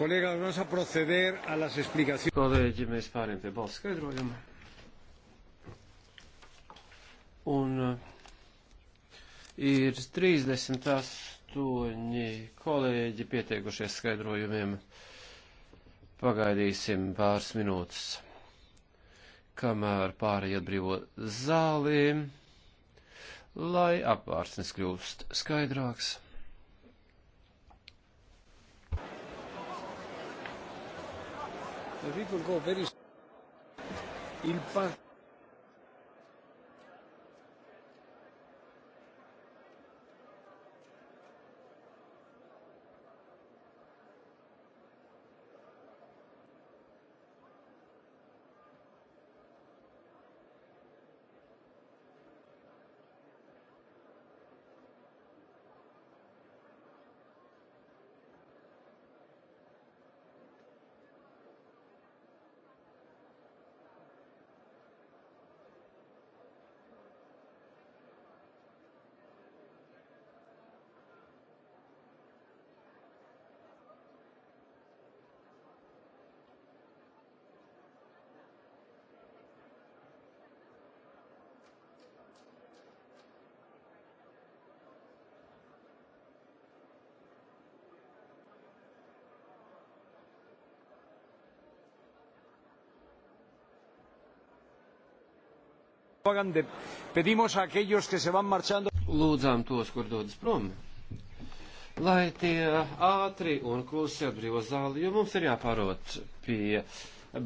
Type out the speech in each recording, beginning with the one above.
Kolēģi, mēs proceder a las explicaciones. Kolēģi, mēs pāriem pie balss skaidrojuma. Un uh, ir 38 kolēģi pieteikušies skaidrojumiem. Pagaidīsim pāris minūtes, kamēr pārējie atbrīvo zālī, lai apvārsnes kļūst skaidrāks. The people go very. Il part. propaganda. Pedimos a aquellos, que se van marchando. Lūdzām tos, kur dodas prom, lai tie ātri un klusi atbrīvo zāli, jo mums ir jāpārot pie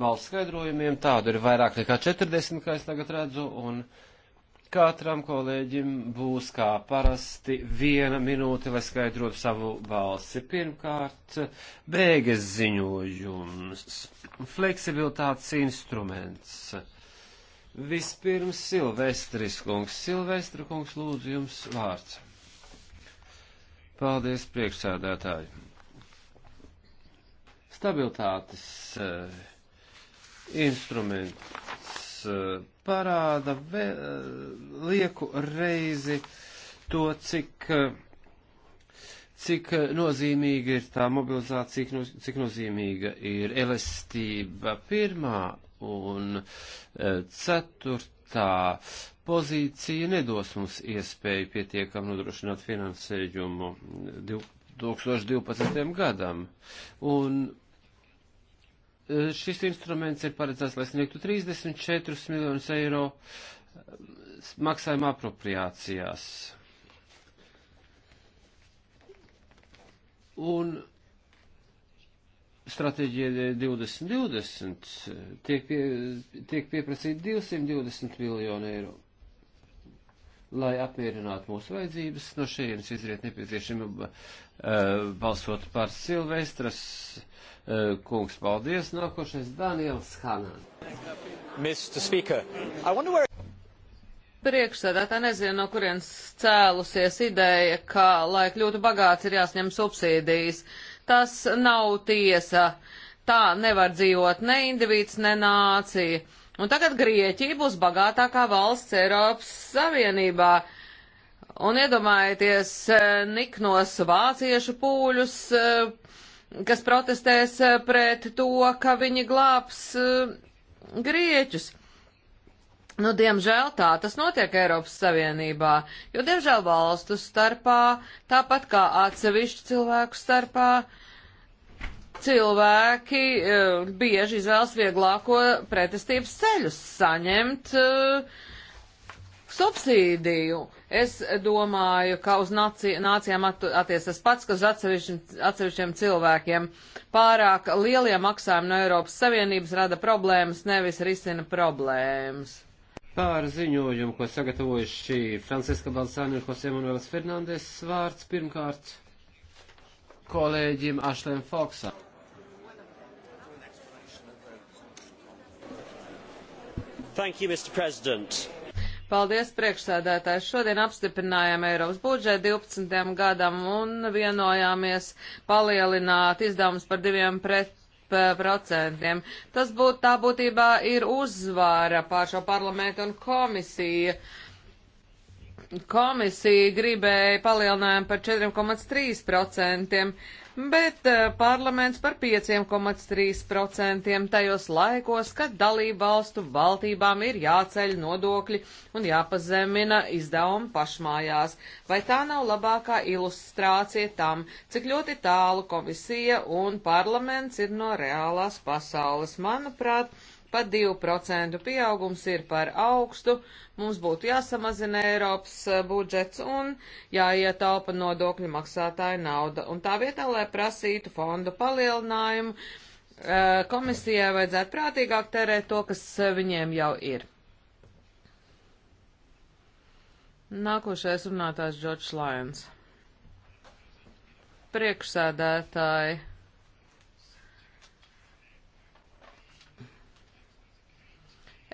balss skaidrojumiem. Tādu ir vairāk nekā 40, kā es tagad redzu, un katram kolēģim būs kā parasti viena minūte, lai skaidrotu savu balsi. Pirmkārt, bēgas ziņojums, fleksibilitātes instruments Vispirms Silvestris kungs. Silvestra kungs, lūdzu jums vārds. Paldies, priekšsēdētāji. Stabilitātes uh, instruments uh, parāda vē, uh, eh, lieku reizi to, cik, uh, cik nozīmīga ir tā mobilizācija, cik, no, cik nozīmīga ir elastība. Pirmā un e, ceturtā pozīcija nedos mums iespēju pietiekam nodrošināt finansējumu 2012. gadam. Un e, šis instruments ir paredzēts, lai sniegtu 34 miljonus eiro e, maksājuma apropriācijās. Un stratēģija 2020 tiek, pie, tiek pieprasīta 220 miljonu eiro. Lai apmierinātu mūsu vajadzības, no šejienes izriet nepieciešama uh, balsot par Silvestras uh, kungs. Paldies! Nākošais Daniels Hanan. Mr. Speaker, I wonder where priekšsēdētā nezinu, no kurienes cēlusies ideja, ka, lai kļūtu bagāts, ir jāsņem subsīdijas. Uh, Tas nav tiesa. Tā nevar dzīvot ne individs, ne nācija. Un tagad Grieķija būs bagātākā valsts Eiropas Savienībā. Un iedomājieties eh, niknos vāciešu pūļus, eh, kas protestēs eh, pret to, ka viņi glābs grieķus. Nu, diemžēl tā tas notiek Eiropas Savienībā, jo diemžēl valstu starpā, tāpat kā atsevišķu cilvēku starpā, cilvēki uh, bieži izvēlas vieglāko pretestības ceļus saņemt uh, subsīdiju. Es domāju, ka uz nāci, nācijām attiecas tas pats, kas uz atsevišķiem, atsevišķiem cilvēkiem. Pārāk lielie maksājumi no Eiropas Savienības rada problēmas, nevis risina problēmas. Pār ziņojumu, ko sagatavojuši Franciska Balsāni un Jose Manuels Fernandes vārds pirmkārt kolēģim Ašlēm Foksam. You, Paldies, priekšsēdētāji. Šodien apstiprinājām Eiropas budžetu 12. gadam un vienojāmies palielināt izdevumus par diviem pret procentiem. Tas būtu tā būtībā ir uzvara pār šo parlamentu un komisiju. Uh, Komisija gribēja palielinājumu par 4,3%, bet eh, parlaments par 5,3% tajos laikos, kad dalību valstu valdībām ir jāceļ nodokļi un jāpazemina izdevumi pašmājās. Vai tā nav labākā ilustrācija tam, cik ļoti tālu komisija un parlaments ir no reālās pasaules? Manuprāt, uh, Pat 2% pieaugums ir par augstu, mums būtu jāsamazina Eiropas eh, budžets un jāietaupa nodokļu maksātāja nauda. Un tā vietā, lai prasītu fondu palielinājumu, eh, komisijai vajadzētu prātīgāk tērēt to, kas eh, viņiem jau ir. Nākošais runātājs Džordžs Lajons. Priekšsēdētāji.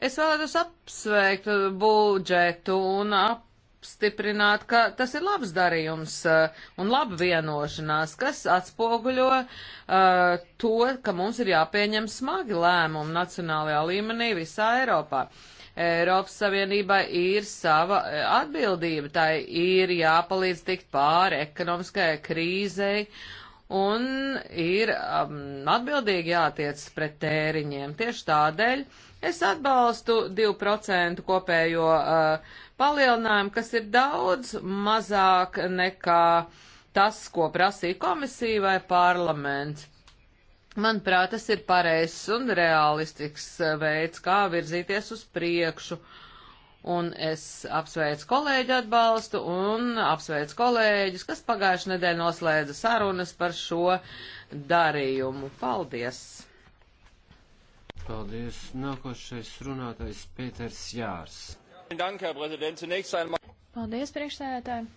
Es vēlētos apsveikt budžetu un apstiprināt, ka tas ir labs darījums eh, un laba vienošanās, kas atspoguļo uh, to, ka mums ir jāpieņem smagi lēmumi nacionālajā līmenī visā Eiropā. Eiropas Savienībai ir sava eh, atbildība, tai ir jāpalīdz tikt pāri ekonomiskajai krīzei un ir um, atbildīgi jātiec pret tēriņiem. Tieši tādēļ uh, Es atbalstu 2% kopējo uh, palielinājumu, kas ir daudz mazāk nekā tas, ko prasīja komisija vai parlaments. Manuprāt, tas ir pareizs un realistisks uh, veids, kā virzīties uz priekšu. Un es apsveicu kolēģi atbalstu un apsveicu kolēģis, kas pagājušajā nedēļā noslēdza sarunas par šo darījumu. Paldies! paldies. Nākošais runātais Pēters Jārs. Paldies, priekšsēdētāji.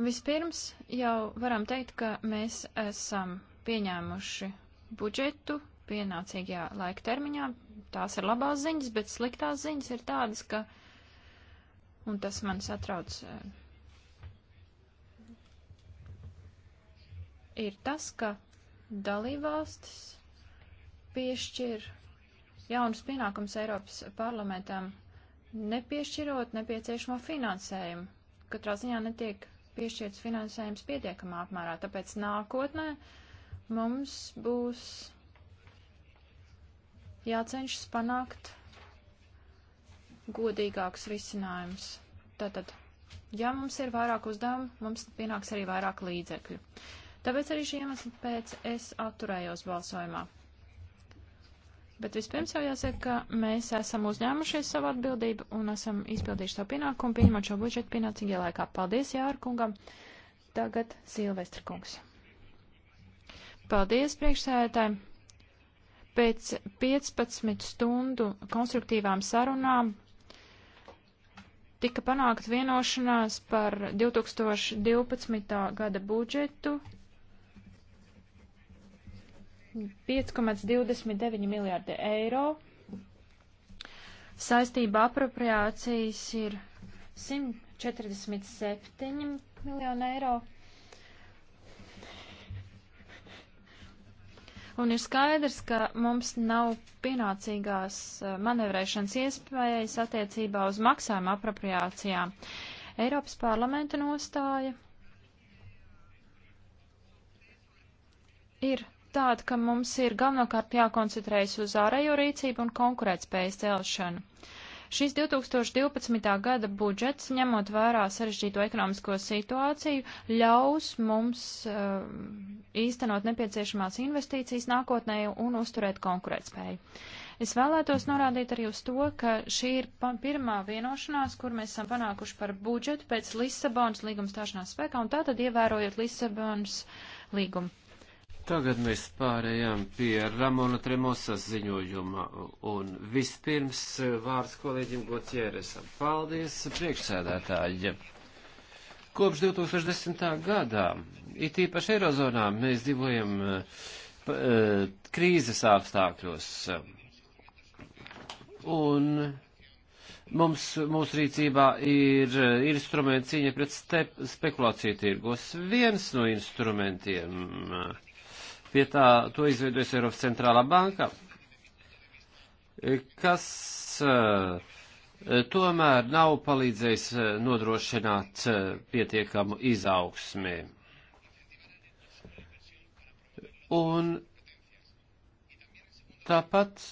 Vispirms jau varam teikt, ka mēs esam pieņēmuši budžetu pienācīgajā laika termiņā. Tās ir labās ziņas, bet sliktās ziņas ir tādas, ka, un tas man satrauc, ir tas, ka dalībvalstis piešķir jaunus pienākumus Eiropas parlamentam, nepiešķirot nepieciešamo finansējumu. Katrā ziņā netiek piešķirts finansējums pietiekamā apmērā, tāpēc nākotnē mums būs jācenšas panākt godīgāks risinājums. Tātad, ja mums ir vairāk uzdevumu, mums pienāks arī vairāk līdzekļu. Tāpēc arī šī iemesla pēc es atturējos balsojumā. Bet vispirms jau jāsaka, ka mēs esam uzņēmušies savu atbildību un esam izpildījuši savu pienākumu, pieņemot šo budžetu pienācīgajā laikā. Paldies Jārkungam! Tagad Silvestra kungs. Paldies priekšsēdētājiem! pēc 15 stundu konstruktīvām sarunām tika panākt vienošanās par 2012. gada budžetu 5,29 miljārdi eiro. Saistība apropriācijas ir 147 miljoni eiro. Un ir skaidrs, ka mums nav pienācīgās eh, manevrēšanas iespējas attiecībā uz maksājuma apropriācijām. Eiropas parlamenta nostāja ir tāda, ka mums ir galvenokārt jākoncentrējas uz ārējo rīcību un konkurētspējas celšanu. Šis 2012. gada budžets, ņemot vērā sarežģīto ekonomisko situāciju, ļaus mums uh, īstenot nepieciešamās investīcijas nākotnē un uzturēt konkurētspēju. Es vēlētos norādīt arī uz to, ka šī ir pirmā vienošanās, kur mēs esam panākuši par budžetu pēc Lisabonas līguma stāšanās spēkā, un tātad ievērojot Lisabonas līgumu. Tagad mēs pārējām pie Ramona Tremosas ziņojuma un vispirms eh, vārds kolēģim Gotjēresam. Paldies, priekšsēdētāji! Kopš 2010. gadā, it īpaši Eirozonā, mēs dzīvojam eh, krīzes apstākļos. Un Mums, mūsu rīcībā ir eh, instrumenti cīņa pret step, spekulāciju tirgos. Viens no instrumentiem uh, Pie tā to izveidojas Eiropas centrālā banka, kas eh, tomēr nav palīdzējis eh, nodrošināt eh, pietiekamu izaugsmi. Un tāpat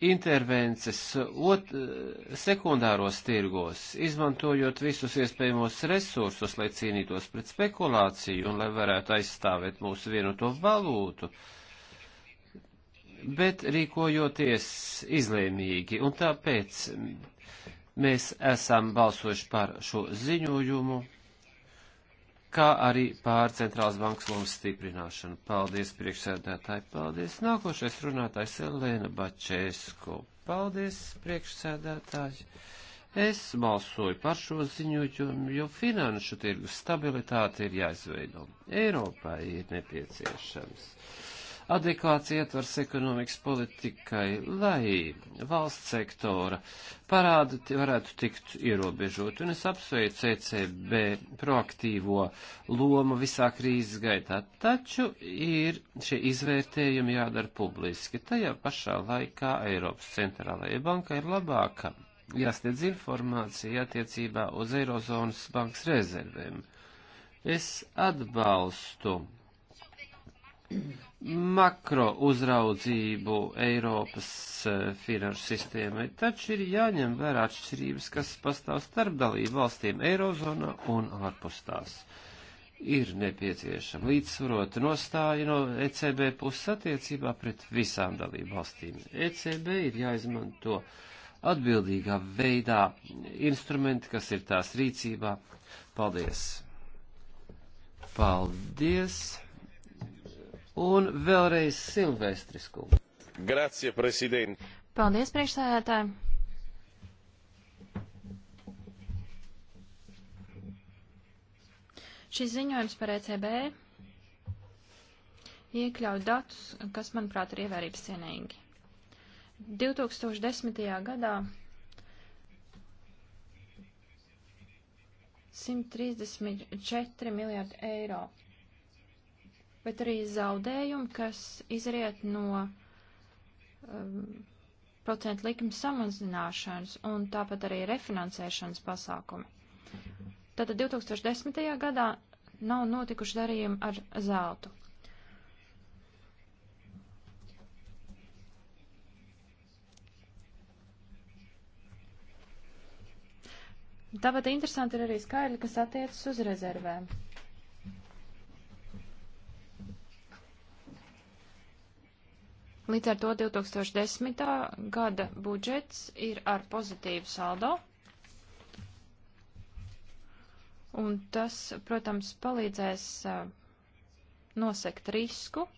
intervences ot, sekundāros tirgos, izmantojot visus iespējamos resursus, lai cīnītos pret spekulāciju un lai varētu aizstāvēt mūsu vienoto valūtu, bet rīkojoties izlēmīgi. Un tāpēc mēs esam balsojuši par šo ziņojumu kā arī pār centrālas bankas lomas stiprināšanu. Paldies, priekšsēdētāji, paldies. Nākošais runātājs Elēna Bačēsku. Paldies, priekšsēdētāji. Es balsoju par šo ziņojumu, jo finanšu tirgus stabilitāte ir jāizveido. Eiropai ir nepieciešams adekvāts ietvars ekonomikas politikai, lai valsts sektora parādi varētu tikt ierobežot. Un es apsveicu ECB proaktīvo lomu visā krīzes gaitā. Taču ir šie izvērtējumi jādara publiski. Tajā pašā laikā Eiropas centrālajai bankai ir labāka jāsniedz informācija attiecībā uz Eirozonas bankas rezervēm. Es atbalstu makro uzraudzību Eiropas e, finanšu sistēmai, taču ir jāņem vērā atšķirības, kas pastāv starp dalību valstīm Eirozonā un ārpus tās. Ir nepieciešama līdzsvarota nostāja no ECB puses attiecībā pret visām dalību valstīm. ECB ir jāizmanto atbildīgā veidā instrumenti, kas ir tās rīcībā. Paldies! Paldies! Un vēlreiz Silvestris kungs. Grazie, prezident. Paldies, priekšsēdētāji. Šis ziņojums par ECB iekļauj datus, kas, manuprāt, ir ievērības cienīgi. 2010. gadā 134 miljārdi eiro bet arī zaudējumi, kas izriet no um, procentu likuma samazināšanas un tāpat arī refinansēšanas pasākumi. Tātad 2010. gadā nav notikuši darījumi ar zeltu. Tāpat interesanti ir arī skaidri, kas attiecas uz rezervēm. Līdz ar to 2010. gada budžets ir ar pozitīvu saldo. Un tas, protams, palīdzēs nosekt risku,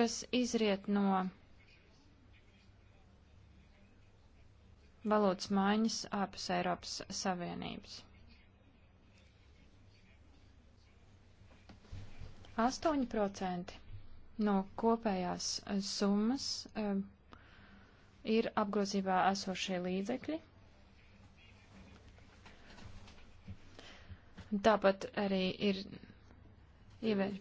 kas izriet no valūtas maiņas ārpus Eiropas Savienības. Astoņi procenti no kopējās eh, summas eh, ir apgrozībā esošie līdzekļi. Tāpat arī ir ievēr.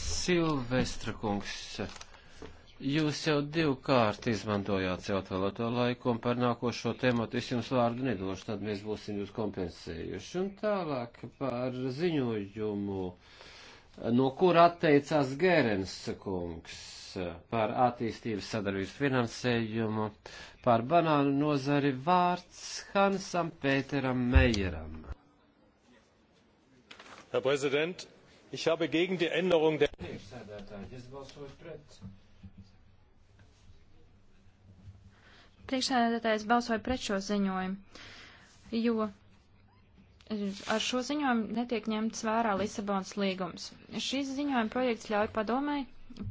Silvestra kungs, jūs jau divkārt izmantojāt sev atvēlēto laiku un par nākošo tematu es jums vārdu nedošu, tad mēs būsim jūs kompensējuši. Un tālāk par ziņojumu. Uh, no kura atteicās Gērens kungs par attīstības sadarbības finansējumu, par banānu nozari vārds Hansam Pēteram Meijeram. Herr Präsident, ich habe gegen die Änderung der Priekšsēdētājs balsoja pret šo ziņojumu, jo ar šo ziņojumu netiek ņemts vērā Lisabonas līgums. Šis ziņojuma projekts ļauj padomai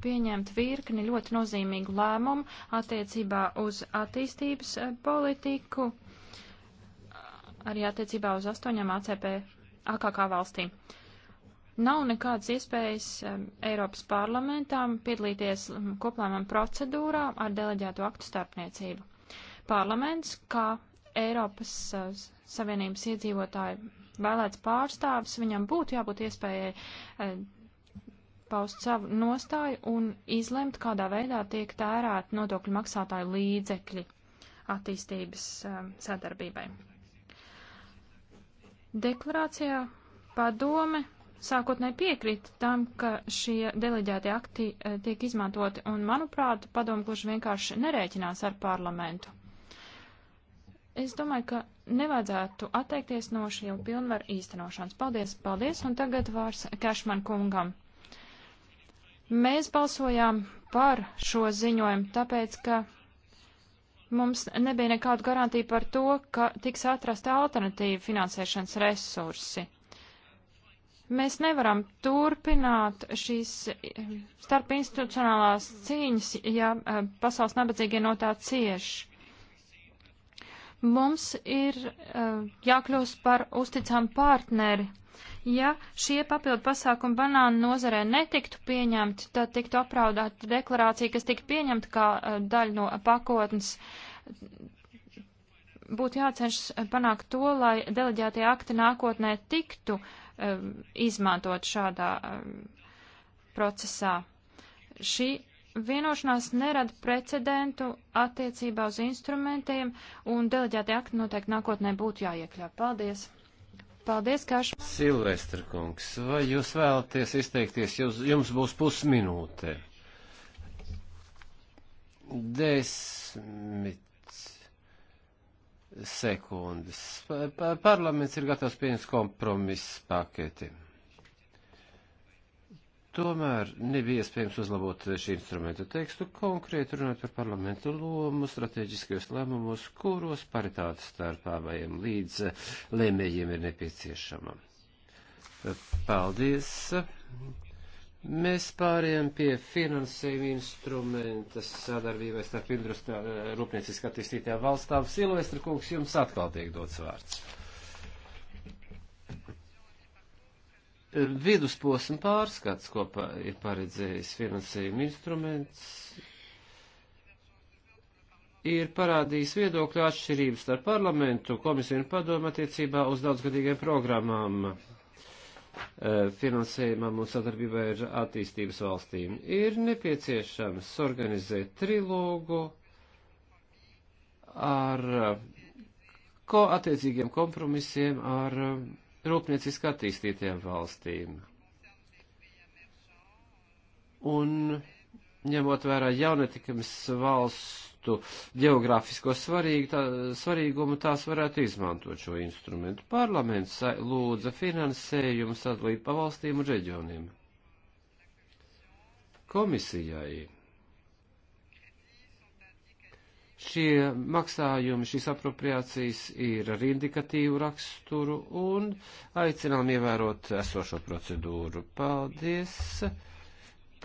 pieņemt virkni ļoti nozīmīgu lēmumu attiecībā uz attīstības eh, politiku, arī attiecībā uz astoņām ACP AKK valstīm. Nav nekādas iespējas eh, Eiropas parlamentām piedalīties mm, koplēmam procedūrā ar deleģētu aktu starpniecību. Parlaments, kā Eiropas uh, Savienības iedzīvotāju vēlēts pārstāvis, viņam būtu jābūt iespējai uh, paust savu nostāju un izlemt, kādā veidā tiek tērēt nodokļu maksātāju līdzekļi attīstības uh, sadarbībai. Deklarācijā padome sākotnēji piekrita tam, ka šie deleģētie akti tiek izmantoti, un, manuprāt, padome gluži vienkārši nerēķinās ar parlamentu. Es domāju, ka nevajadzētu atteikties no šiem pilnvaru īstenošanas. Paldies, paldies, un tagad vārds Kešman kungam. Mēs balsojām par šo ziņojumu, tāpēc, ka mums nebija nekādu garantiju par to, ka tiks atrasta alternatīva finansēšanas resursi. Mēs nevaram turpināt šīs eh, starpinstitucionālās cīņas, ja eh, pasaules nabadzīgie no tā cieši. Mums ir uh, jākļūst par uzticām partneri. Ja šie papildu pasākumi banānu nozarē netiktu pieņemti, tad tiktu apraudāta deklarācija, kas tika pieņemta kā uh, daļa no pakotnes. Būtu jācenšas panākt to, lai deleģētie akti nākotnē tiktu um, izmantot šādā um, procesā. Šī vienošanās nerada precedentu attiecībā uz instrumentiem, un deleģēti akti noteikti nākotnē būtu jāiekļauj. Paldies! Paldies, Kašs! Silvestra kungs, vai jūs vēlaties izteikties, jūs, jums būs pusminūte? Desmit sekundes. Pa, pa, parlaments ir gatavs pieņemt kompromisu paketi. Tomēr nebija iespējams uzlabot šī instrumenta tekstu, konkrēti runāt par parlamentu lomu, strateģiskajos lēmumos, kuros paritāte starp abajiem līdz eh, lēmējiem ir nepieciešama. Paldies! Mēs pārējām pie finansējuma instrumenta sadarbībai starp eh, rūpnieciski attīstītajām valstām. Silvestra kungs, jums atkal tiek dots vārds. vidusposma pārskats, ko ir paredzējis finansējuma instruments, ir parādījis viedokļu atšķirības starp parlamentu, komisiju un padomu attiecībā uz daudzgadīgiem programmām e, finansējumam un sadarbībai ar attīstības valstīm. Ir nepieciešams organizēt trilogu ar e, ko attiecīgiem kompromisiem ar rūpnieciski attīstītiem valstīm. Un ņemot vērā jaunetikams valstu geogrāfisko svarīgu, tā, svarīgumu, tās varētu izmantot šo instrumentu. Parlaments lūdza finansējumu sadalīt pa valstīm un reģioniem. Komisijai Šie maksājumi, šīs apropriācijas ir ar indikatīvu raksturu un aicinām ievērot esošo procedūru. Paldies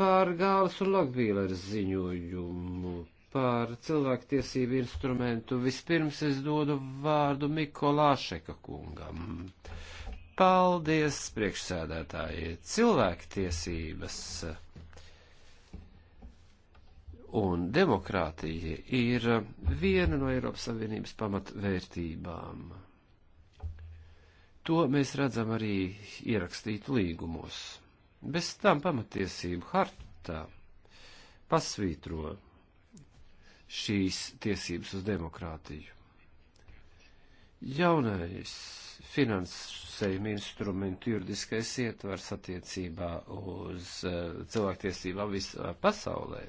par Gāles un Lagvīleres ziņojumu par cilvēktiesību instrumentu. Vispirms es dodu vārdu Mikolāšeka kungam. Paldies, priekšsēdētāji! Cilvēktiesības! un demokrātija ir viena no Eiropas Savienības pamatvērtībām. To mēs redzam arī ierakstītu līgumos. Bez tam pamatiesību hartā pasvītro šīs tiesības uz demokrātiju. Jaunais finansējuma instrumentu juridiskais ietvars attiecībā uz eh, cilvēktiesībām visā pasaulē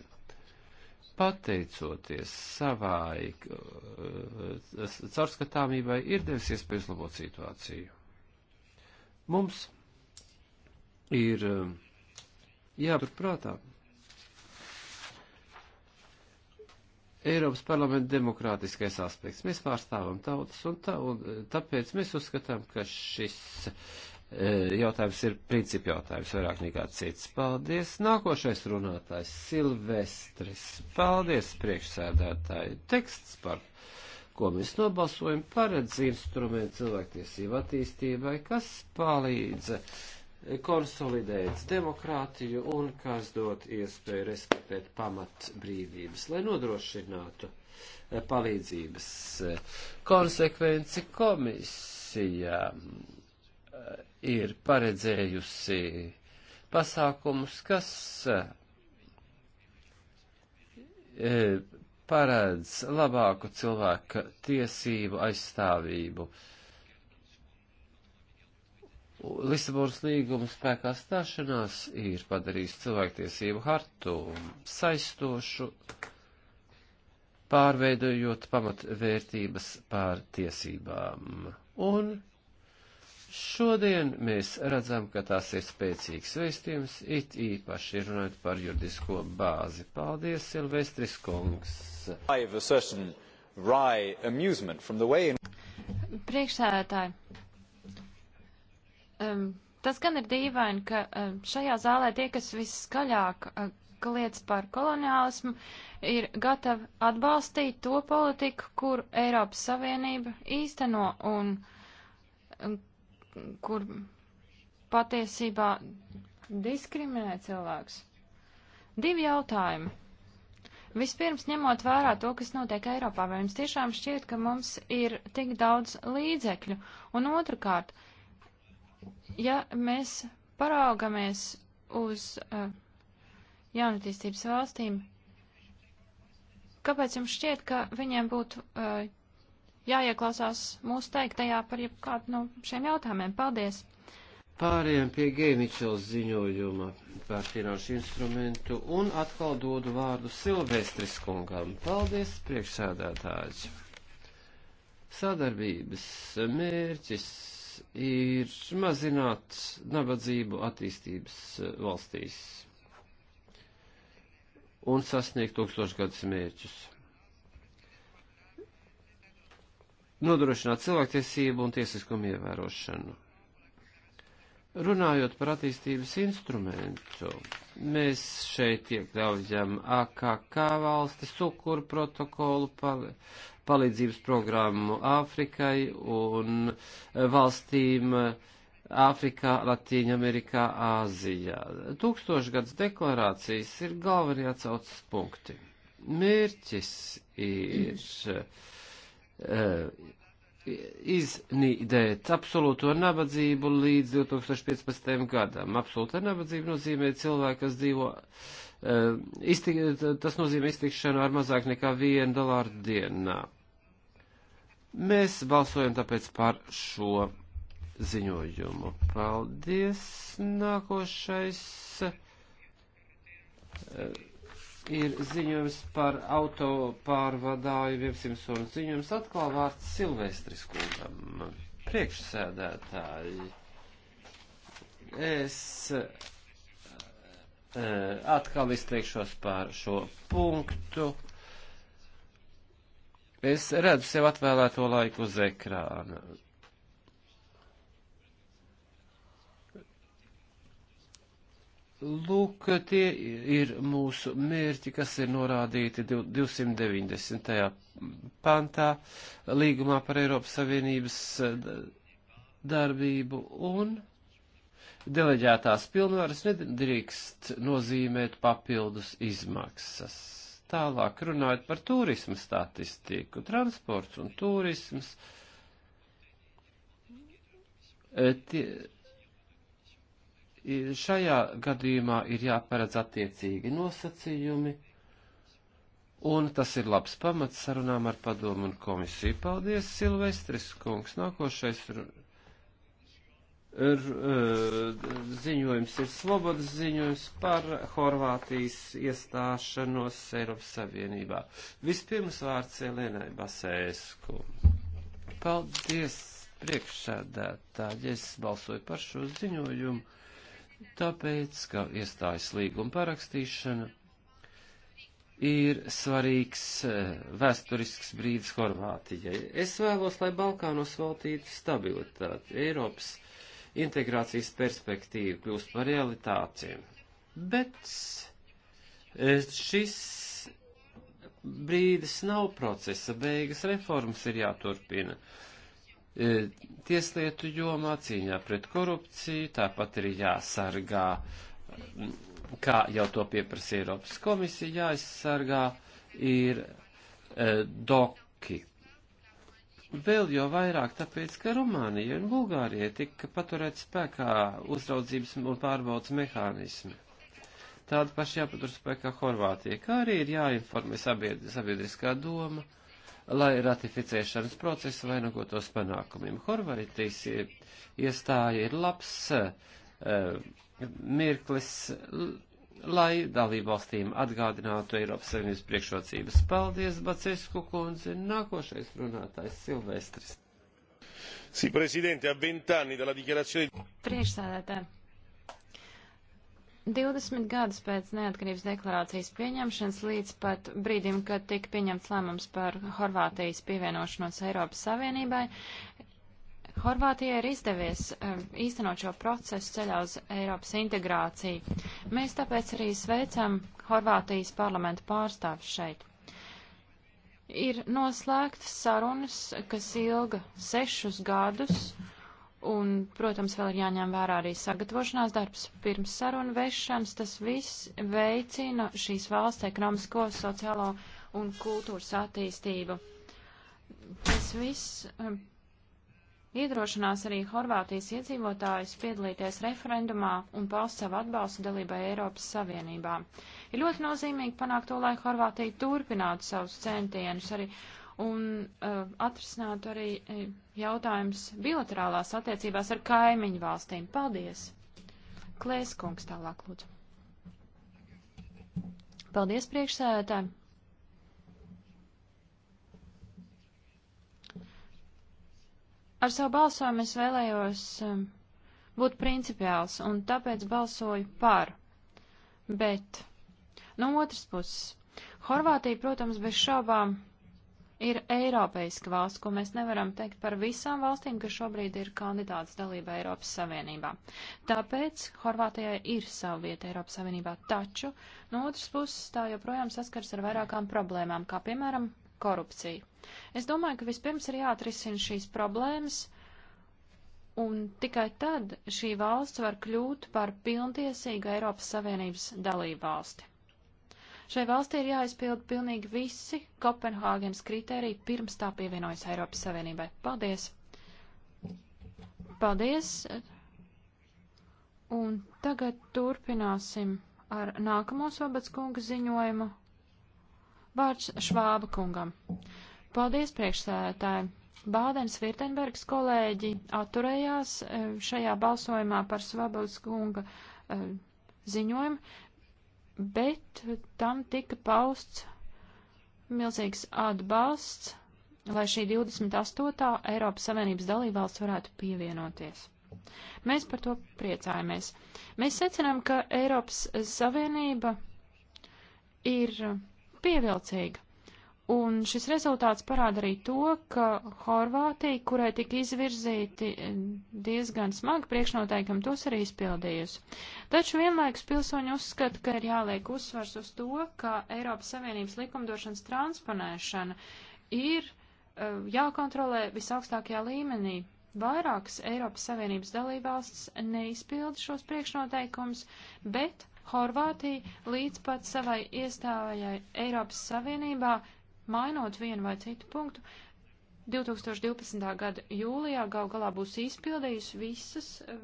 pateicoties savai eh, caurskatāmībai, ir devis iespēju uzlabot situāciju. Mums ir eh, jāpaturprātā. Eiropas parlamenta demokrātiskais aspekts. Mēs pārstāvam tautas, un, tā, un eh, tāpēc mēs uzskatām, ka šis uh, E, jautājums ir principi jautājums vairāk nekā cits. Paldies. Nākošais runātājs Silvestris. Paldies, priekšsēdētāji. Teksts par ko mēs nobalsojam, paredz instrumentu cilvēktiesību attīstībai, kas palīdz konsolidēt demokrātiju un kas dod iespēju respektēt pamat brīvības, lai nodrošinātu palīdzības konsekvenci komisijām Uh, ir paredzējusi pasākumus, kas uh, paredz labāku cilvēka tiesību aizstāvību. Lisabonas līguma spēkā stāšanās ir padarījis cilvēktiesību hartu saistošu, pārveidojot pamatvērtības pār tiesībām. Un Šodien mēs redzam, ka tās ir spēcīgs veistījums, it īpaši runājot par juridisko bāzi. Paldies, Silvestris Kungs! Priekšsēdētāji, um, tas gan ir dīvaini, ka um, šajā zālē tie, kas viskaļāk uh, kliedz par koloniālismu, ir gatavi atbalstīt to politiku, kur Eiropas Savienība īsteno un, un um, kur patiesībā diskriminē cilvēks. Divi jautājumi. Vispirms, ņemot vērā to, kas notiek Eiropā, vai jums tiešām šķiet, ka mums ir tik daudz līdzekļu? Un otrkārt, ja mēs paraugamies uz uh, jaunatīstības valstīm, kāpēc jums šķiet, ka viņiem būtu uh, jāieklausās mūsu teiktajā par jebkādu no šiem jautājumiem. Paldies! Pārējām pie Gēničels ziņojuma par finanšu instrumentu un atkal dodu vārdu Silvestris kungam. Paldies, priekšsēdētājs! Sadarbības mērķis ir mazināt nabadzību attīstības valstīs un sasniegt tūkstošgadus mērķus. nodrošināt cilvēktiesību un tiesiskumu ievērošanu. Runājot par attīstības instrumentu, mēs šeit iekļaujam AKK valstis, sukuru protokolu, pal palīdzības programmu Āfrikai un valstīm Āfrikā, Latīņa Amerikā, Āzijā. Tūkstošgads deklarācijas ir galvenie atsaucas punkti. Mērķis ir. Mm Eh, iznīdēt absolūto nabadzību līdz 2015. gadam. Absolūta nabadzība nozīmē cilvēku, kas dzīvo, eh, iztik, tas nozīmē iztikšanu ar mazāk nekā vienu dolāru dienā. Mēs balsojam tāpēc par šo ziņojumu. Paldies! Nākošais. Uh, ir ziņojums par auto pārvadājumiem Simpsons ziņojums. Atkal vārds Silvestris kungam. Priekšsēdētāji. Es eh, atkal izteikšos par šo punktu. Es redzu sev atvēlēto laiku uz ekrāna. Lūk, tie ir mūsu mērķi, kas ir norādīti 290. pantā līgumā par Eiropas Savienības eh, darbību un deleģētās pilnvaras nedrīkst nozīmēt papildus izmaksas. Tālāk runājot par turismu statistiku, transports un turisms. Eh, tie, šajā gadījumā ir jāparedz attiecīgi nosacījumi, un tas ir labs pamats sarunām ar padomu un komisiju. Paldies, Silvestris kungs. Nākošais ir, ir, e, ziņojums ir slobodas ziņojums par Horvātijas iestāšanos Eiropas Savienībā. Vispirms vārds Elenai Basēsku. Paldies, priekšsēdētāji, es balsoju par šo ziņojumu tāpēc, ka iestājas līguma parakstīšana ir svarīgs eh, vēsturisks brīdis Horvātijai. Es vēlos, lai Balkānos valdītu stabilitāti, Eiropas integrācijas perspektīva kļūst par realitāti. Bet eh, šis brīdis nav procesa beigas, reformas ir jāturpina. Uh, E, tieslietu jomā, cīņā pret korupciju, tāpat ir jāsargā, kā jau to pieprasa Eiropas komisija, jāizsargā ir e, doki. Vēl jo vairāk tāpēc, ka Rumānija un Bulgārija tika paturēt spēkā uzraudzības un pārbaudas mehānismi. Tāda paša jāpatur spēkā Horvātija, kā arī ir jāinformē sabiedriskā doma lai ratificēšanas procesa vainagotos panākumiem. Horvātijas iestāja ir labs uh, mirklis, lai dalībvalstīm atgādinātu Eiropas Savienības priekšrocības. Paldies, Bacisku kundze. Nākošais runātājs Silvestris. Sì, Presidente, a vent'anni dalla dichiarazione. Priekšsēdētāji, 20 gadus pēc neatkarības deklarācijas pieņemšanas līdz pat brīdim, kad tika pieņemts lēmums par Horvātijas pievienošanos Eiropas Savienībai, Horvātijai ir izdevies eh, īstenot šo procesu ceļā uz Eiropas integrāciju. Mēs tāpēc arī sveicam Horvātijas parlamenta pārstāvis šeit. Ir noslēgtas sarunas, kas ilga sešus gadus Un, protams, vēl ir jāņem vērā arī sagatavošanās darbs pirms sarunu vešanas. Tas viss veicina šīs valsts ekonomisko, sociālo un kultūras attīstību. Tas viss um, iedrošinās arī Horvātijas iedzīvotājus piedalīties referendumā un paust savu atbalstu dalībai Eiropas Savienībā. Ir ļoti nozīmīgi panākt to, lai Horvātija turpinātu savus centienus arī un uh, atrisinātu arī uh, jautājums bilaterālās attiecībās ar kaimiņu valstīm. Paldies! Klēs kungs tālāk lūdzu. Paldies priekšsēdētājiem! Ar savu balsojumu es vēlējos um, būt principiāls un tāpēc balsoju par. Bet no otras puses, Horvātija, protams, bez šaubām ir eiropeiska valsts, ko mēs nevaram teikt par visām valstīm, kas šobrīd ir kandidāts dalība Eiropas Savienībā. Tāpēc Horvātijai ir sava vieta Eiropas Savienībā, taču no otras puses tā joprojām saskars ar vairākām problēmām, kā piemēram korupcija. Es domāju, ka vispirms ir jāatrisina šīs problēmas, un tikai tad šī valsts var kļūt par pilntiesīgu Eiropas Savienības dalību valsti. Šai valstī ir jāizpild pilnīgi visi Kopenhāgenes kritēriji pirms tā pievienojas Eiropas Savienībai. Paldies! Paldies! Un tagad turpināsim ar nākamo Sobats kunga ziņojumu. Vārds Švāba kungam. Paldies priekšsēdētāji. Bādens Virtenbergs kolēģi atturējās eh, šajā balsojumā par Svabalds kunga eh, ziņojumu bet tam tika pausts milzīgs atbalsts, lai šī 28. Eiropas Savienības dalībvalsts varētu pievienoties. Mēs par to priecājamies. Mēs secinām, ka Eiropas Savienība ir pievilcīga. Un šis rezultāts parāda arī to, ka Horvātija, kurai tika izvirzīti eh, diezgan smagi priekšnoteikumi, tos arī izpildījusi. Taču vienlaikus pilsoņi uzskata, ka ir jāliek uzsvars uz to, ka Eiropas Savienības likumdošanas transponēšana ir eh, jākontrolē visaugstākajā līmenī. Vairākas Eiropas Savienības dalībvalstis neizpilda šos priekšnoteikumus, bet Horvātija līdz pat savai iestājai Eiropas Savienībā mainot vienu vai citu punktu, 2012. gada jūlijā gal galā būs izpildījis visas um,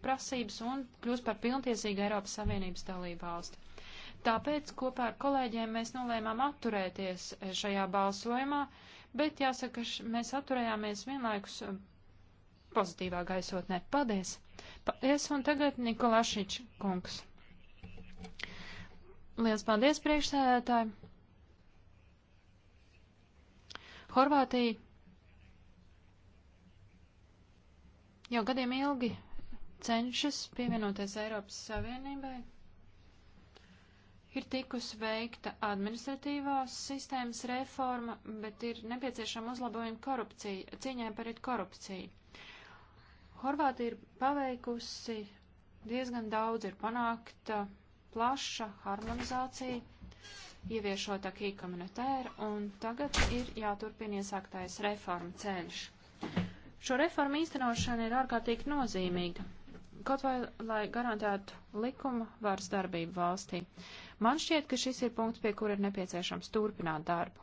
prasības un kļūs par pilntiesīgu Eiropas Savienības dalību valsti. Tāpēc kopā ar kolēģiem mēs nolēmām atturēties eh, šajā balsojumā, bet jāsaka, ka mēs atturējāmies vienlaikus um, pozitīvā gaisotnē. Paldies! Paldies, un tagad Nikolašiņš kungs. Lielas paldies priekšsēdētāji! Horvātija jau gadiem ilgi cenšas pievienoties Eiropas Savienībai. Ir tikusi veikta administratīvās sistēmas reforma, bet ir nepieciešama uzlabojuma korupcija, cīņai pret korupciju. Horvātija ir paveikusi diezgan daudz, ir panākta plaša harmonizācija ieviešot akī komunitēru, un tagad ir jāturpina iesāktais reforma ceļš. Šo reformu īstenošana ir ārkārtīgi nozīmīga, kaut vai lai garantētu likuma varas darbību valstī. Man šķiet, ka šis ir punkts, pie kura ir nepieciešams turpināt darbu.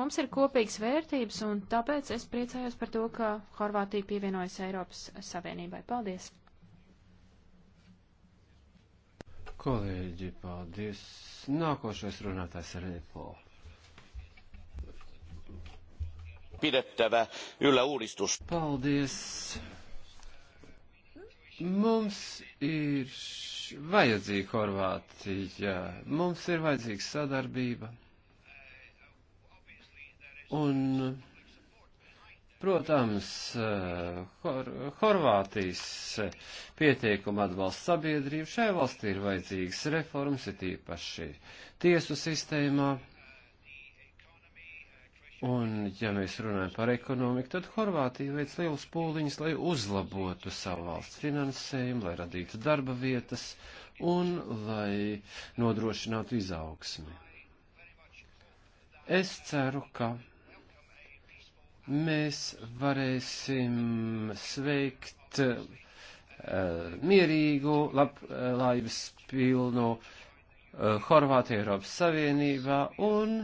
Mums ir kopīgas vērtības, un tāpēc es priecājos par to, ka Horvātija pievienojas Eiropas Savienībai. Paldies! Kolēģi, paldies. Nākošais runātājs ir Repo. Pidettävä yllä uudistus. Paldies. Mums ir vajadzīga Horvātija, mums ir vajadzīga sadarbība. Un Protams, eh, Hor Horvātijas eh, pieteikuma atbalsts sabiedrību šai valstī ir vajadzīgas reformas, ir īpaši tiesu sistēmā. Un, ja mēs runājam par ekonomiku, tad Horvātija veic lielus pūliņus, lai uzlabotu savu valsts finansējumu, lai radītu darba vietas un lai nodrošinātu izaugsmi. Es ceru, ka mēs varēsim sveikt uh, mierīgu, labklājības pilnu uh, Horvātiju Eiropas Savienībā un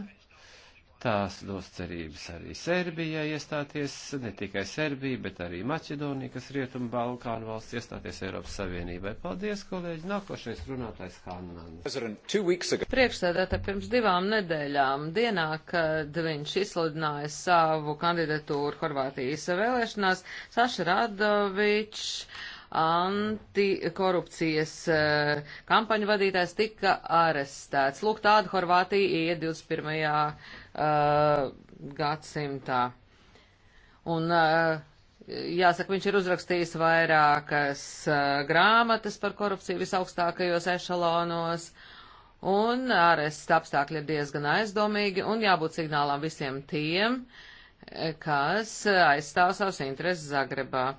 tās dos cerības arī Serbijai iestāties, ne tikai Serbija, bet arī Maķedonija, kas rietumu Balkānu valsts iestāties Eiropas Savienībai. Paldies, kolēģi! Nākošais runātājs Hannan. Priekšsēdētā pirms divām nedēļām dienā, kad viņš izsludināja savu kandidatūru Horvātijas vēlēšanās, Saša Radovičs antikorupcijas eh, kampaņu vadītājs tika arestēts. Lūk, tāda Horvātija ir 21. Uh, gadsimtā. Un uh, jāsaka, viņš ir uzrakstījis vairākas uh, grāmatas par korupciju visaugstākajos ešalonos, un aresta apstākļi ir diezgan aizdomīgi, un jābūt signālām visiem tiem, kas aizstāv savus intereses Zagrebā.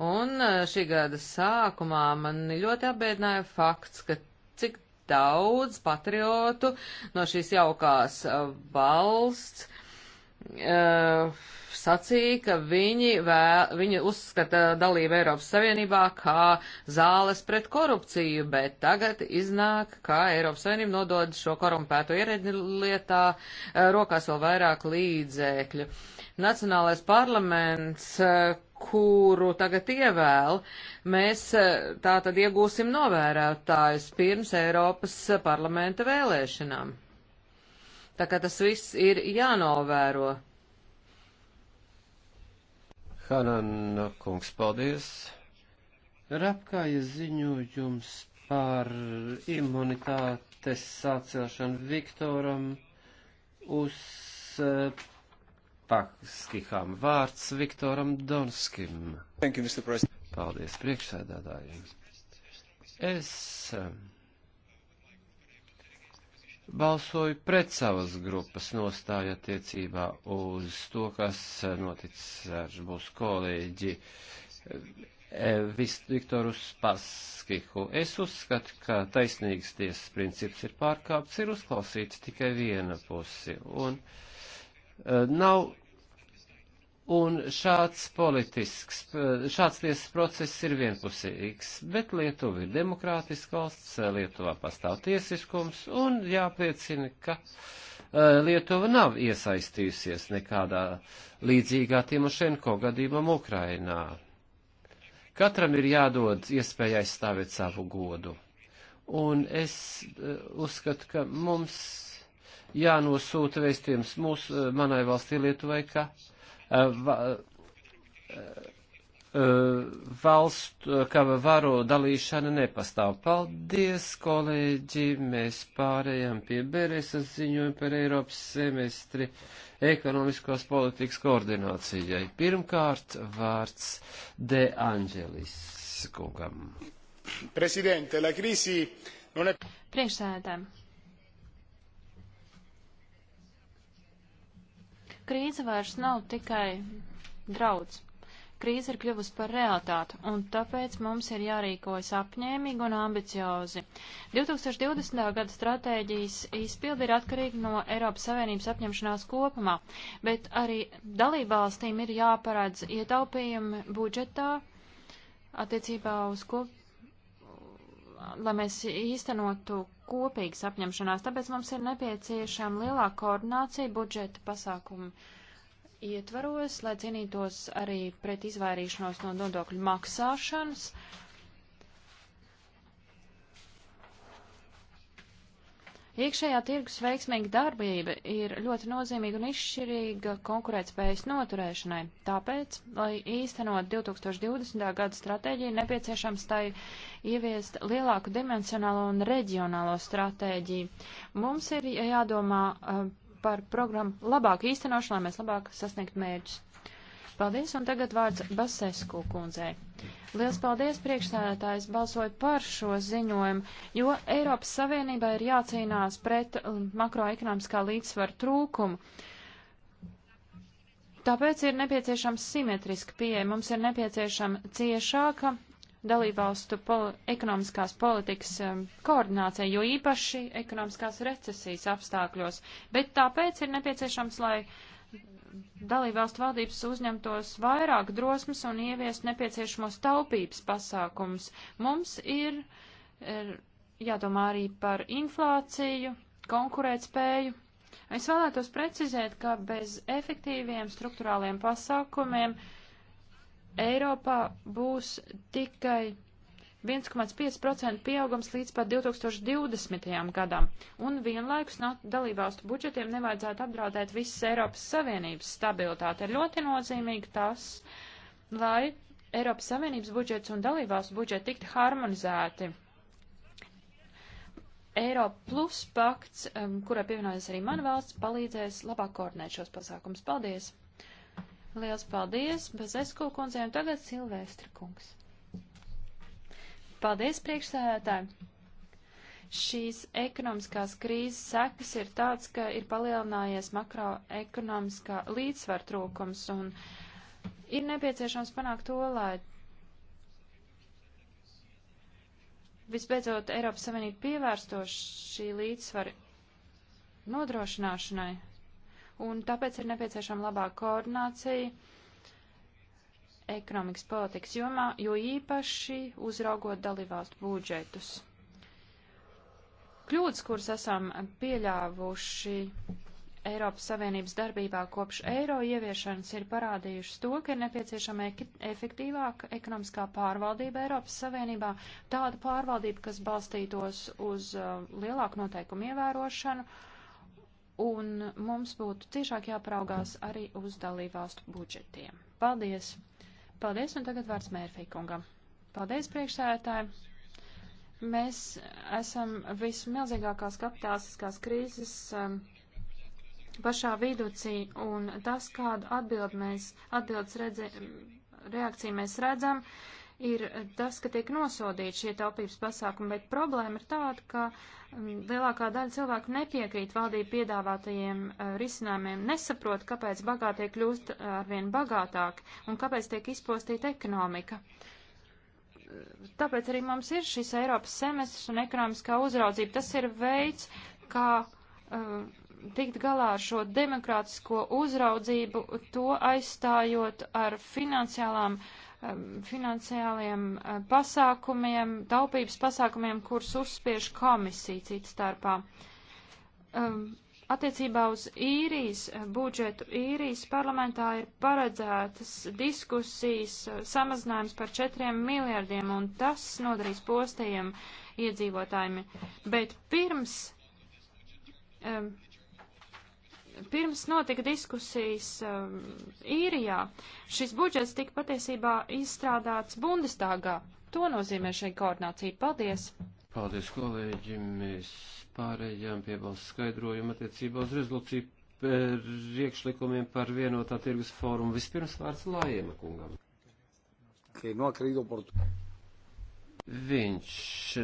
Un eh, šī gada sākumā man ļoti apbēdināja fakts, ka cik daudz patriotu no šīs jaukās eh, valsts uh, sacīja, ka viņi, vēl, viņi uzskata dalību Eiropas Savienībā kā zāles pret korupciju, bet tagad iznāk, ka Eiropas Savienība nodod šo korumpēto ierēdņu lietā uh, rokās vēl vairāk līdzēkļu. Nacionālais parlaments uh, kuru tagad ievēl, mēs eh, tā tad iegūsim novērētājus pirms Eiropas parlamenta vēlēšanām. Tā kā tas viss ir jānovēro. Hanana kungs, paldies. Rapkāja ziņojums par imunitātes atcelšanu Viktoram uz eh, Pakskiham vārds Viktoram Donskim. Thank you, Mr. President. Paldies priekšsēdētājiem. Es um, balsoju pret savas grupas nostāju attiecībā uz to, kas noticis ar mūsu kolēģi um, Viktoru Spaskiku. Es uzskatu, ka taisnīgas tiesas princips ir pārkāpts, ir uzklausīts tikai viena pusi. Un, uh, Eh, nav. Un šāds politisks, eh, šāds tiesas process ir vienpusīgs, bet Lietuva ir demokrātiska valsts, eh, Lietuvā pastāv tiesiskums un jāpliecina, ka Lietuva nav iesaistījusies nekādā līdzīgā Timošenko gadījumam Ukrainā. Katram ir jādod iespēja aizstāvēt savu godu. Un es uzskatu, ka mums jānosūta vēstījums mūsu, eh, manai valstī Lietuvai, ka eh, va, eh, valstu, ka varu dalīšana nepastāv. Paldies, kolēģi! Mēs pārējām pie Bereses ziņojuma par Eiropas semestri ekonomiskās politikas koordinācijai. Pirmkārt, vārds De Angelis kungam. Prezidente, la krīzi. Nu ne... Priekšsēdētājiem, krīze vairs nav tikai draudz. Krīze ir kļuvusi par realitāti, un tāpēc mums ir jārīkojas apņēmīgi un ambiciozi. 2020. gada stratēģijas izpildi ir atkarīgi no Eiropas Savienības apņemšanās kopumā, bet arī dalībvalstīm ir jāparādz ietaupījumi budžetā attiecībā uz ko, lai mēs īstenotu kopīgas apņemšanās, tāpēc mums ir nepieciešama lielāka koordinācija budžeta pasākumu ietvaros, lai cīnītos arī pret izvairīšanos no nodokļu maksāšanas. Uh, Iekšējā tirgus veiksmīga darbība ir ļoti nozīmīga un izšķirīga konkurētspējas noturēšanai. Tāpēc, lai īstenot 2020. gada stratēģiju, nepieciešams tai ieviest lielāku dimensionālo un reģionālo stratēģiju. Mums ir jādomā eh, par programmu labāku īstenošanu, lai mēs labāk sasniegtu mērķus paldies, un tagad vārds Basesku kundzei. Liels paldies, priekšsēdētājs balsoja par šo ziņojumu, jo Eiropas Savienībā ir jācīnās pret um, makroekonomiskā līdzsvara trūkumu. Tāpēc ir nepieciešams simetriska pieeja, mums ir nepieciešama ciešāka dalībvalstu pol ekonomiskās politikas um, koordinācija, jo īpaši ekonomiskās recesijas apstākļos, bet tāpēc ir nepieciešams, lai uh, dalībvalstu valdības uzņemtos vairāk drosmes un ieviest nepieciešamos taupības pasākums. Mums ir, ir jādomā arī par inflāciju, konkurētspēju. Es vēlētos precizēt, ka bez efektīviem struktūrāliem pasākumiem Eiropā būs tikai 1,5% pieaugums līdz pat 2020. gadam, un vienlaikus dalībvalstu budžetiem nevajadzētu apdraudēt visas Eiropas Savienības stabilitāti. Ir ļoti nozīmīgi tas, lai Eiropas Savienības budžets un dalībvalstu budžeti tiktu harmonizēti. Eiropa plus pakts, um, kurai pievienojas arī mana valsts, palīdzēs labāk koordinēt šos pasākumus. Paldies! Liels paldies Bazesko kundzēm, tagad Silvēstra kungs. Paldies, priekšsēdētāji! Šīs ekonomiskās krīzes sekas ir tāds, ka ir palielinājies makroekonomiskā līdzsvar trūkums un ir nepieciešams panākt to, lai visbeidzot Eiropas Savienība pievērstos šī līdzsvara nodrošināšanai, un tāpēc ir nepieciešama labāka koordinācija ekonomikas politikas jomā, jo īpaši uzraugot dalībvalstu budžetus. Kļūdas, kuras esam pieļāvuši Eiropas Savienības darbībā kopš eiro ieviešanas, ir parādījušas to, ka ir nepieciešama ek efektīvāka ekonomiskā pārvaldība Eiropas Savienībā, tāda pārvaldība, kas balstītos uz uh, lielāku noteikumu ievērošanu un mums būtu ciešāk jāparaugās arī uz dalībvalstu budžetiem. Paldies! Paldies, un tagad vārds Mērfī kungam. Paldies, priekšsēdētāji. Mēs esam vismilzīgākās kapitālistiskās krīzes um, pašā vidūcī, un tas, kādu atbild mēs, atbildes redzē, reakciju mēs redzam, uh, ir tas, ka tiek nosodīti šie taupības pasākumi, bet problēma ir tāda, ka mm, lielākā daļa cilvēku nepiekrīt valdību piedāvātajiem uh, risinājumiem, nesaprot, kāpēc bagātie kļūst eh, arvien bagātāki un kāpēc tiek izpostīta ekonomika tāpēc arī mums ir šis Eiropas semestrs un ekonomiskā uzraudzība. Tas ir veids, kā uh, tikt galā ar šo demokrātisko uzraudzību, to aizstājot ar finansiālām uh, Um, finansiāliem uh, pasākumiem, taupības pasākumiem, kurus uzspiež komisija cits starpā. Um, attiecībā uz īrijas uh, budžetu īrijas parlamentā ir paredzētas diskusijas uh, samazinājums par 4 miljardiem, un tas nodarīs postajiem iedzīvotājiem. Bet pirms um, Pirms notika diskusijas um, īrijā, šis budžets tika patiesībā izstrādāts Bundestāgā. To nozīmē šī koordinācija. Paldies! Paldies, kolēģi! Mēs pārējām pie balss skaidrojuma attiecībā uz rezolūciju priekšlikumiem par vienotā tirgus fórumu. Vispirms vārds Lājiem kungam. Viņš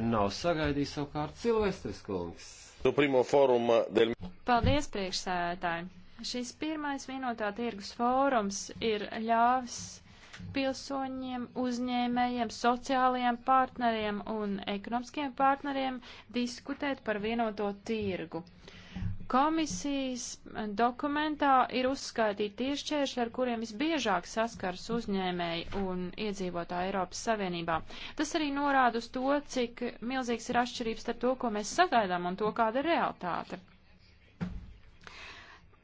nav sagaidījis savukārt Silvestris kungs. Paldies, priekšsēdētāji! Šis pirmais vienotā tirgus fórums ir ļāvis pilsoņiem, uzņēmējiem, sociālajiem partneriem un ekonomiskiem partneriem diskutēt par vienoto tirgu. Komisijas dokumentā ir uzskaitīti tie šķēršļi, ar kuriem visbiežāk saskars uzņēmēji un iedzīvotāji Eiropas Savienībā. Tas arī norāda uz to, cik milzīgs ir atšķirības starp to, ko mēs sagaidām un to, kāda ir realitāte.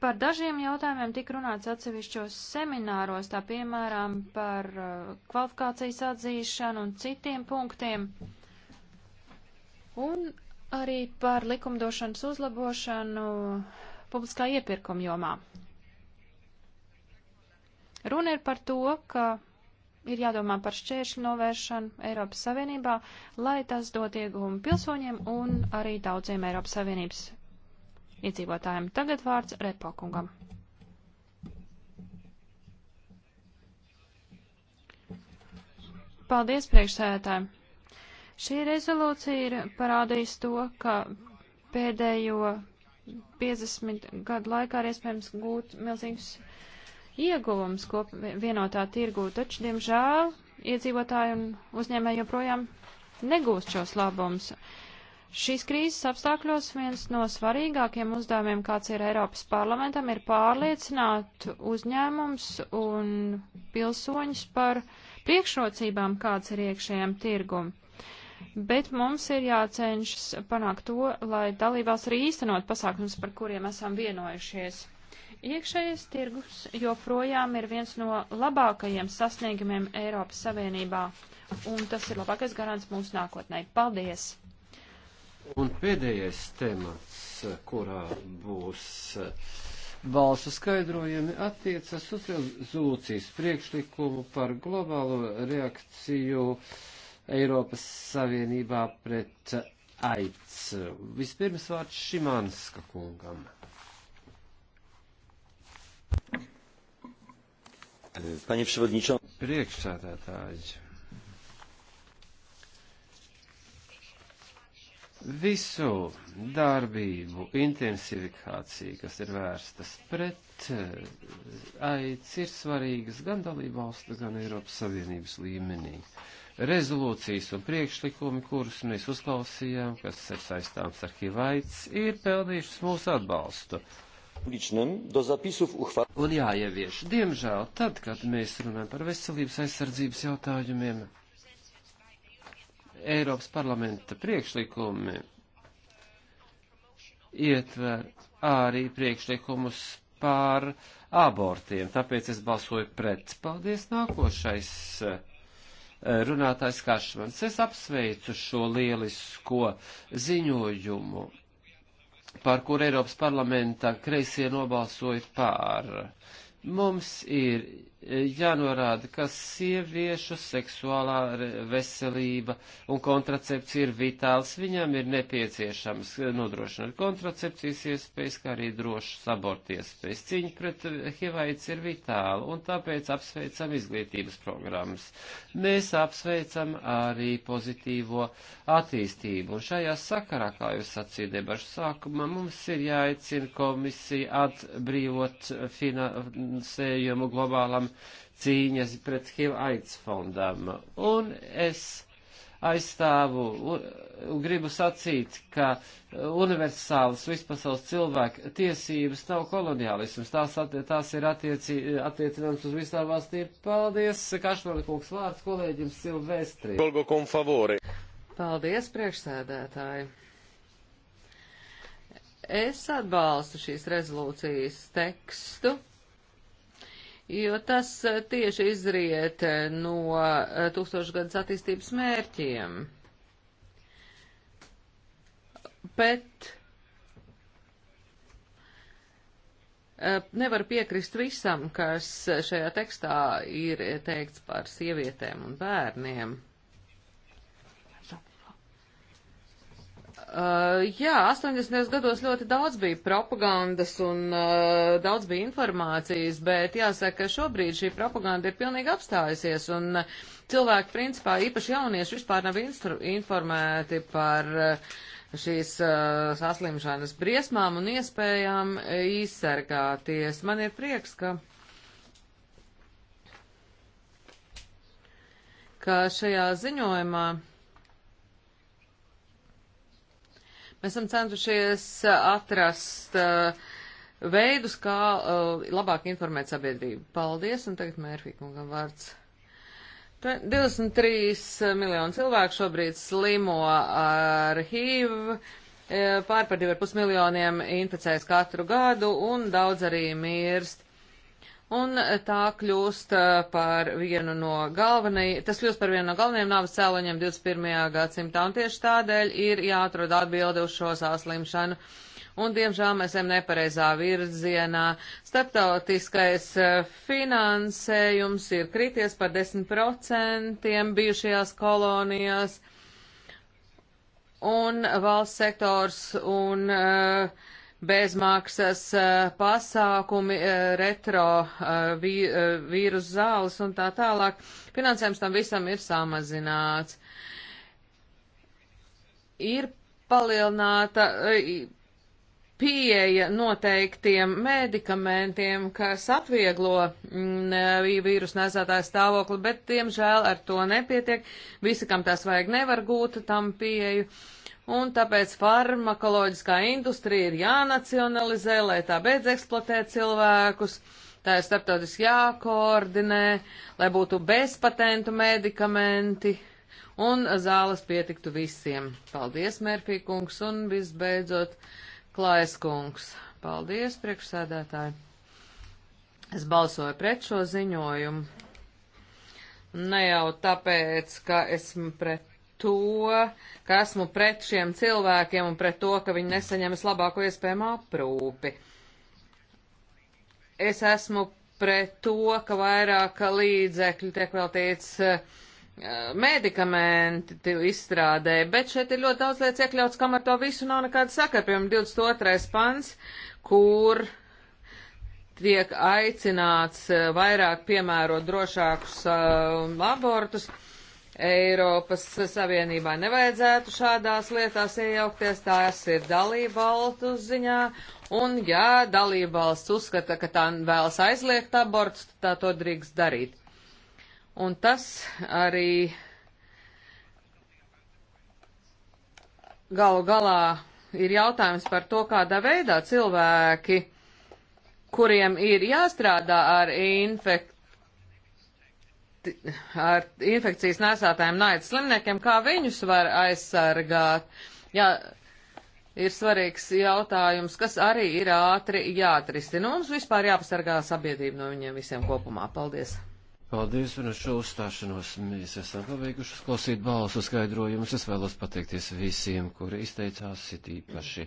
Par dažiem jautājumiem tika runāts atsevišķos semināros, tā piemēram par uh, kvalifikācijas atzīšanu un citiem punktiem. Un arī par likumdošanas uzlabošanu publiskā iepirkuma jomā. Runa ir par to, ka ir jādomā par šķēršļu novēršanu Eiropas Savienībā, lai tas dot ieguvumu pilsoņiem un arī daudziem Eiropas Savienības iedzīvotājiem. Tagad vārds Repokungam. Paldies priekšsēdētājiem! Šī rezolūcija ir parādījusi to, ka pēdējo 50 gadu laikā ir iespējams gūt milzīgs ieguvums kop vienotā tirgū, taču, diemžēl, iedzīvotāji un uzņēmēji joprojām negūst šos labumus. Šīs krīzes apstākļos viens no svarīgākiem uzdevumiem, kāds ir Eiropas parlamentam, ir pārliecināt uzņēmums un pilsoņus par priekšrocībām, kāds ir iekšējām tirgum bet mums ir jācenšas panākt to, lai dalībās arī īstenot pasākums, par kuriem esam vienojušies. Iekšējais tirgus joprojām ir viens no labākajiem sasniegumiem Eiropas Savienībā, un tas ir labākais garants mūsu nākotnē. Paldies! Un pēdējais temats, kurā būs eh, balsu skaidrojumi, attiecas uz rezolūcijas priekšlikumu par globālo reakciju uh, Eiropas Savienībā pret aids. Vispirms vārds Šimanska kungam. Panie Przewodniczący. Priekšsādātāji. Visu darbību intensifikāciju, kas ir vērstas pret eh, aids, ir svarīgas gan dalībvalstu, gan Eiropas Savienības līmenī. Uh, rezolūcijas un priekšlikumi, kurus mēs uzklausījām, kas ir saistāms ar Hivaits, ir pelnījušas mūsu atbalstu. Un jāievieš, diemžēl, tad, kad mēs runājam par veselības aizsardzības jautājumiem, Eiropas parlamenta priekšlikumi ietver arī priekšlikumus pār abortiem, tāpēc es balsoju pret. Paldies, nākošais runātājs Kašmans. Es apsveicu šo lielisko ziņojumu, par kur Eiropas parlamenta kreisie nobalsoja pār. Mums ir jānorāda, ka sieviešu seksuālā veselība un kontracepcija ir vitāls. Viņām ir nepieciešams nodrošināt kontracepcijas iespējas, kā arī drošas abortu iespējas. Cīņa pret hivaits ir vitāla, un tāpēc apsveicam izglītības programmas. Mēs apsveicam arī pozitīvo attīstību, un šajā sakarā, kā jūs sacījāt debašu sākumā, mums ir jāicina komisija atbrīvot finansējumu globālam cīņas pret HIV aids fondam. Un es aizstāvu un gribu sacīt, ka universālas vispasaules cilvēku tiesības nav koloniālisms. Tās, attie, tās ir attieci, attiecināmas uz visām valstīm. Paldies, Kašmana kungs vārds kolēģim Silvestri. Paldies, priekšsēdētāji. Es atbalstu šīs rezolūcijas tekstu jo tas eh, tieši izriet eh, no eh, tūkstošgadus attīstības mērķiem. Bet nevar piekrist visam, kas šajā tekstā ir teikts par sievietēm un bērniem. Uh, jā, 80. gados ļoti daudz bija propagandas un uh, daudz bija informācijas, bet jāsaka, ka šobrīd šī propaganda ir pilnīgi apstājusies un uh, cilvēki, principā, īpaši jaunieši vispār nav informēti par uh, šīs uh, saslimšanas briesmām un iespējām uh, izsargāties. Man ir prieks, ka. ka šajā ziņojumā Mēs esam centušies uh, atrast uh, veidus, kā uh, labāk informēt sabiedrību. Paldies, un tagad Mērfī kungam vārds. 23 uh, miljoni cilvēku šobrīd slimo ar HIV, pār par 2,5 miljoniem inficējas katru gadu, un daudz arī mirst un eh, tā kļūst eh, par vienu no galvenajiem, tas kļūst par vienu no galvenajiem nāves cēloņiem 21. gadsimtā, un tieši tādēļ ir jāatrod atbildi uz šo sāslimšanu. Un, diemžēl, mēs esam nepareizā virzienā. Starptautiskais eh, finansējums ir krities par 10% bijušajās kolonijās, un valsts sektors un uh, bezmaksas eh, pasākumi, eh, retro eh, vīrus zāles un tā tālāk. Finansējums tam visam ir samazināts. Ir palielināta pieeja noteiktiem medikamentiem, kas atvieglo mm, eh, vīrusu nesētāju stāvokli, bet, diemžēl, ar to nepietiek. Visi, kam tās vajag, nevar gūt tam pieeju. Un tāpēc farmakoloģiskā industrija ir jānacionalizē, lai tā beidz eksploatēt cilvēkus. Tā ir starptautiski jākoordinē, lai būtu bezpatentu medikamenti un zāles pietiktu visiem. Paldies, Mērfī kungs, un visbeidzot. Uh, Klājas kungs. Paldies, priekšsēdētāji. Es balsoju pret šo ziņojumu. Ne jau tāpēc, ka esmu pret to, ka esmu pret šiem cilvēkiem un pret to, ka viņi nesaņem vislabāko iespējamo aprūpi. Es esmu pret to, ka vairāk līdzekļu tiek veltīts uh, Eh, medikamenti izstrādē, bet šeit ir ļoti daudz lietas iekļauts, kam ar to visu nav nekāda sakara. Piemēram, 22. pants, kur tiek aicināts eh, vairāk piemērot drošākus uh, eh, abortus. Eiropas Savienībā nevajadzētu šādās lietās iejaukties, tās ir dalībvalstu ziņā, un ja dalībvalsts uzskata, ka tā vēlas aizliegt abortus, tā to drīkst darīt. Un tas arī galu galā ir jautājums par to, kādā veidā cilvēki, kuriem ir jāstrādā ar, infekti, ar infekcijas nesātājiem naidas slimniekiem, kā viņus var aizsargāt. Jā, ir svarīgs jautājums, kas arī ir ātri jāatrisina. Mums vispār jāpasargā sabiedrība no viņiem visiem kopumā. Paldies! Paldies, un ar šo uzstāšanos mēs esam pabeiguši klausīt balsu skaidrojumus. Es vēlos pateikties visiem, kuri izteicās, it īpaši.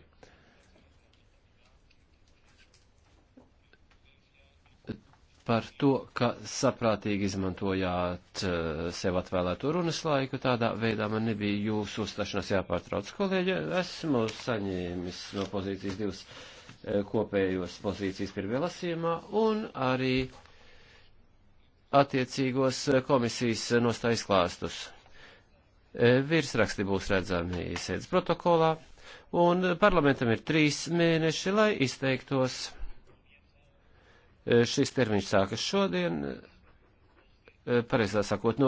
Par to, ka saprātīgi izmantojāt eh, sev atvēlēto runas laiku, tādā veidā man nebija jūsu uzstāšanās jāpārtrauc. Kolēģi, esmu saņēmis no pozīcijas divas eh, kopējos pozīcijas pirmajā lasījumā un arī attiecīgos eh, komisijas eh, nostājas klāstus. Eh, virsraksti būs redzami sēdes protokolā, un parlamentam ir trīs mēneši, lai izteiktos. Šis termiņš sākas šodien, pareizā sakot, no